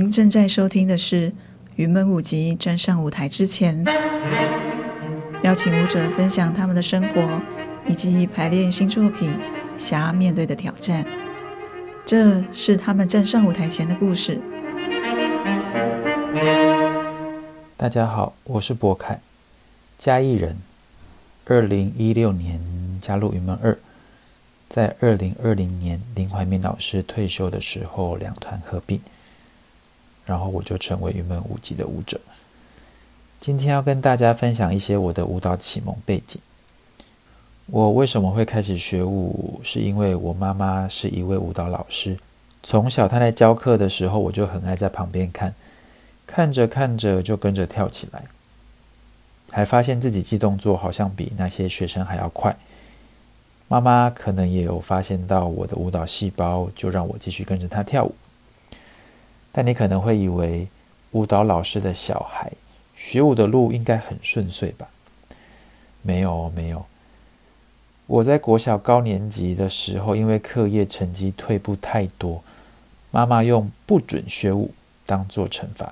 您正在收聽的是《雲門舞集》站上舞台之前，邀請舞者分享他們的生活以及排練新作品、想要面對的挑戰。這是他們站上舞台前的故事。大家好，我是柏凱，嘉義人。二零一六年加入雲門二，在二零二零年林懷民老師退休的時候，兩團合併。然後我就成為雲門舞集的舞者。今天要跟大家分享一些我的舞蹈啟蒙背景。我為什麼會開始學舞？是因為我媽媽是一位舞蹈老師，從小她在教課的時候，我就很愛在旁邊看，看着看着就跟着跳起來，還發現自己記動作好像比那些學生還要快。媽媽可能也有發現到我的舞蹈細胞，就讓我繼續跟着她跳舞。但你可能會以為，舞蹈老師的小孩學舞的路應該很順遂吧？沒有哦，沒有。我在國小高年級的時候，因為課業成績退步太多，媽媽用不准學舞當做懲罰。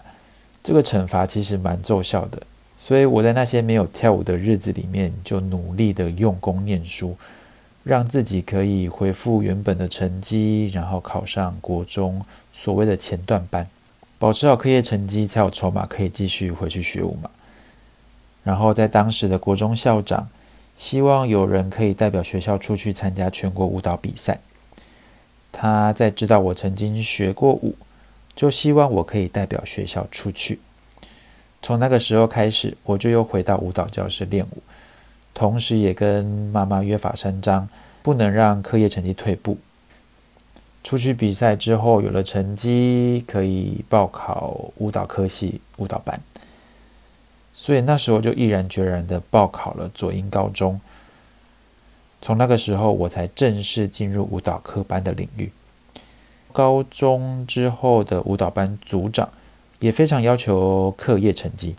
這個懲罰其實蠻奏效的，所以我在那些沒有跳舞的日子裡面，就努力的用功念書。讓自己可以恢復原本的成績，然後考上國中所謂的前段班，保持好課業成績，才有籌碼可以繼續回去學舞嘛。然後在當時的國中校長，希望有人可以代表學校出去參加全國舞蹈比賽。他在知道我曾經學過舞，就希望我可以代表學校出去。從那個時候開始，我就又回到舞蹈教室練舞。同時，也跟媽媽約法三章，不能讓課業成績退步。出去比賽之後，有了成績，可以報考舞蹈科系、舞蹈班。所以那時候就毅然決然地報考了左營高中。從那個時候，我才正式進入舞蹈科班的領域。高中之後的舞蹈班組長也非常要求課業成績。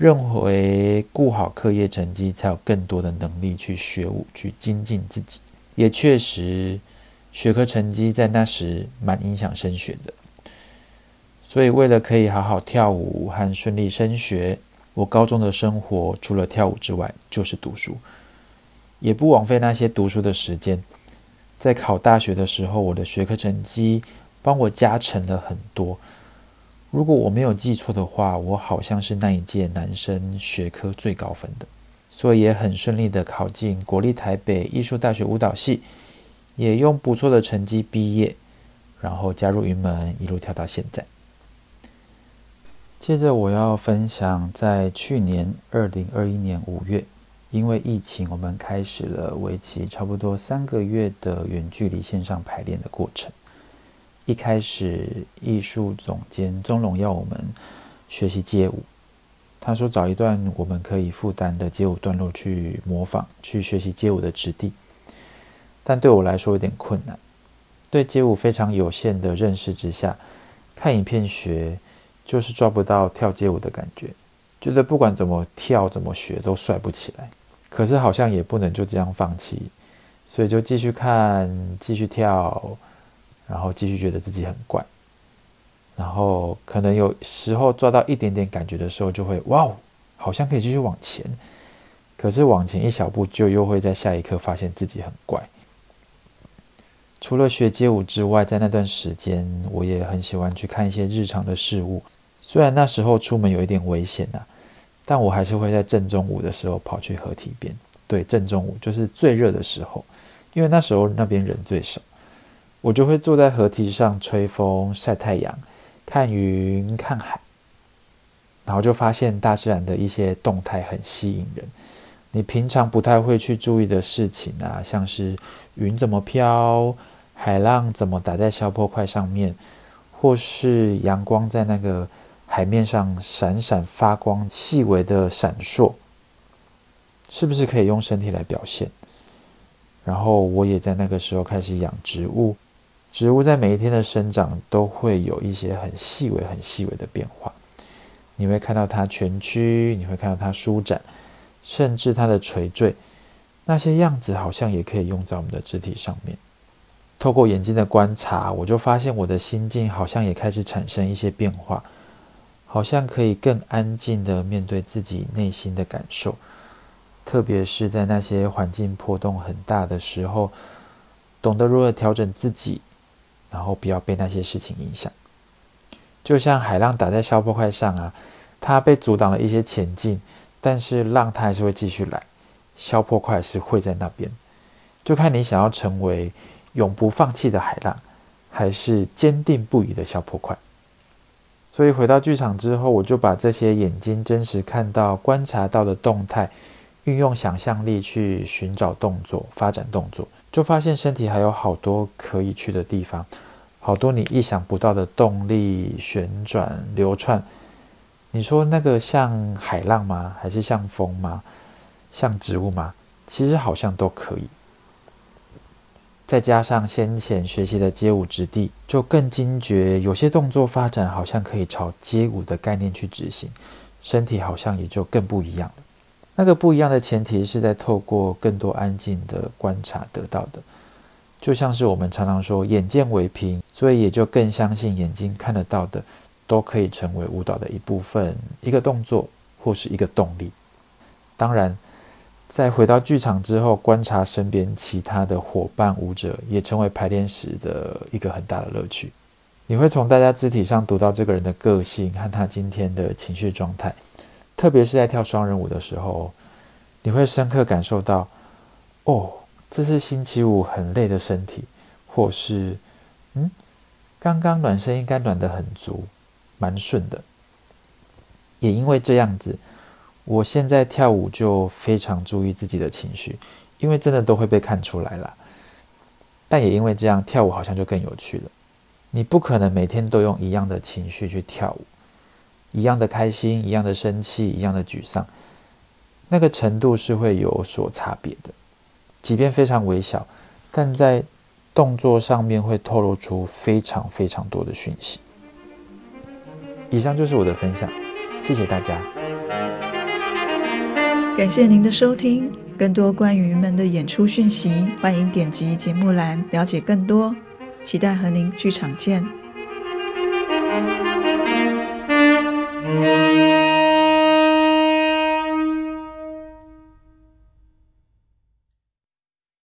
認為顧好課業成績，才有更多的能力去學舞，去精進自己。也確實，學科成績在那時蠻影響升學的。所以，為了可以好好跳舞和順利升學，我高中的生活除了跳舞之外，就是讀書，也不枉費那些讀書的時間。在考大學的時候，我的學科成績幫我加成了很多。如果我沒有記錯的話，我好像是那一屆男生學科最高分的，所以也很順利的考進國立台北藝術大學舞蹈系，也用不錯的成績畢業，然後加入雲門，一路跳到現在。接着我要分享，在去年2021年5月，因為疫情，我們開始了為期差不多三個月的遠距離線上排練的過程。一開始，藝術總監宗龍要我們學習街舞。他說：“找一段我們可以負擔的街舞段落去模仿，去學習街舞的質地。”但對我來說有點困難。對街舞非常有限的認識之下，看影片學，就是抓不到跳街舞的感覺。覺得不管怎麼跳、怎麼學，都帥不起來。可是好像也不能就這樣放棄，所以就繼續看，繼續跳。然後繼續覺得自己很怪，然後可能有時候抓到一點點感覺的時候，就會哇，好像可以繼續往前。可是往前一小步，就又會在下一刻發現自己很怪。除了學街舞之外，在那段時間，我也很喜歡去看一些日常的事物。雖然那時候出門有一點危險吶、啊，但我還是會在正中午的時候跑去河堤邊。對，正中午就是最熱的時候，因為那時候那邊人最少。我就會坐在河堤上吹風、曬太陽、看雲、看海，然後就發現大自然的一些動態很吸引人。你平常不太會去注意的事情啊，像是雲怎麼飄、海浪怎麼打在消波塊上面，或是陽光在那個海面上閃閃發光、細微的閃爍，是不是可以用身體來表現？然後我也在那個時候開始養植物。植物在每一天的生長都會有一些很細微、很細微的變化。你會看到它蜷曲，你會看到它舒展，甚至它的垂墜。那些樣子好像也可以用在我們的肢體上面。透過眼睛的觀察，我就發現我的心境好像也開始產生一些變化，好像可以更安靜地面對自己內心的感受。特別是在那些環境波動很大的時候，懂得如何調整自己。然後不要被那些事情影響，就像海浪打在消波塊上啊，它被阻擋了一些前進，但是浪它還是會繼續來，消波塊是會在那邊，就看你想要成為永不放棄的海浪，還是堅定不移的消波塊。所以回到劇場之後，我就把這些眼睛真實看到、觀察到的動態，運用想象力去尋找動作、發展動作。就發現身體還有好多可以去的地方，好多你意想不到的動力旋轉流竄。你說那個像海浪嗎？還是像風嗎？像植物嗎？其實好像都可以。再加上先前學習的街舞質地，就更驚覺有些動作發展好像可以朝街舞的概念去執行，身體好像也就更不一樣了。那個不一樣的前提是在透過更多安靜的觀察得到的，就像是我們常常說“眼見為憑”，所以也就更相信眼睛看得到的都可以成為舞蹈的一部分，一個動作或是一個動力。當然，在回到劇場之後，觀察身邊其他的夥伴舞者也成為排練時的一個很大的樂趣。你會從大家肢體上讀到這個人的個性和他今天的情緒狀態。特別是在跳雙人舞的時候，你會深刻感受到，哦，這是星期五很累的身體，或是，嗯，剛剛暖身應該暖得很足，蠻順的。也因為這樣子，我現在跳舞就非常注意自己的情緒，因為真的都會被看出來啦。但也因為這樣，跳舞好像就更有趣了。你不可能每天都用一樣的情緒去跳舞。一樣的開心，一樣的生氣，一樣的沮喪，那個程度是會有所差別的，即便非常微小，但在動作上面會透露出非常非常多的訊息。以上就是我的分享，謝謝大家。感謝您的收聽，更多關於我們的演出訊息，歡迎點擊節目欄了解更多，期待和您劇場見。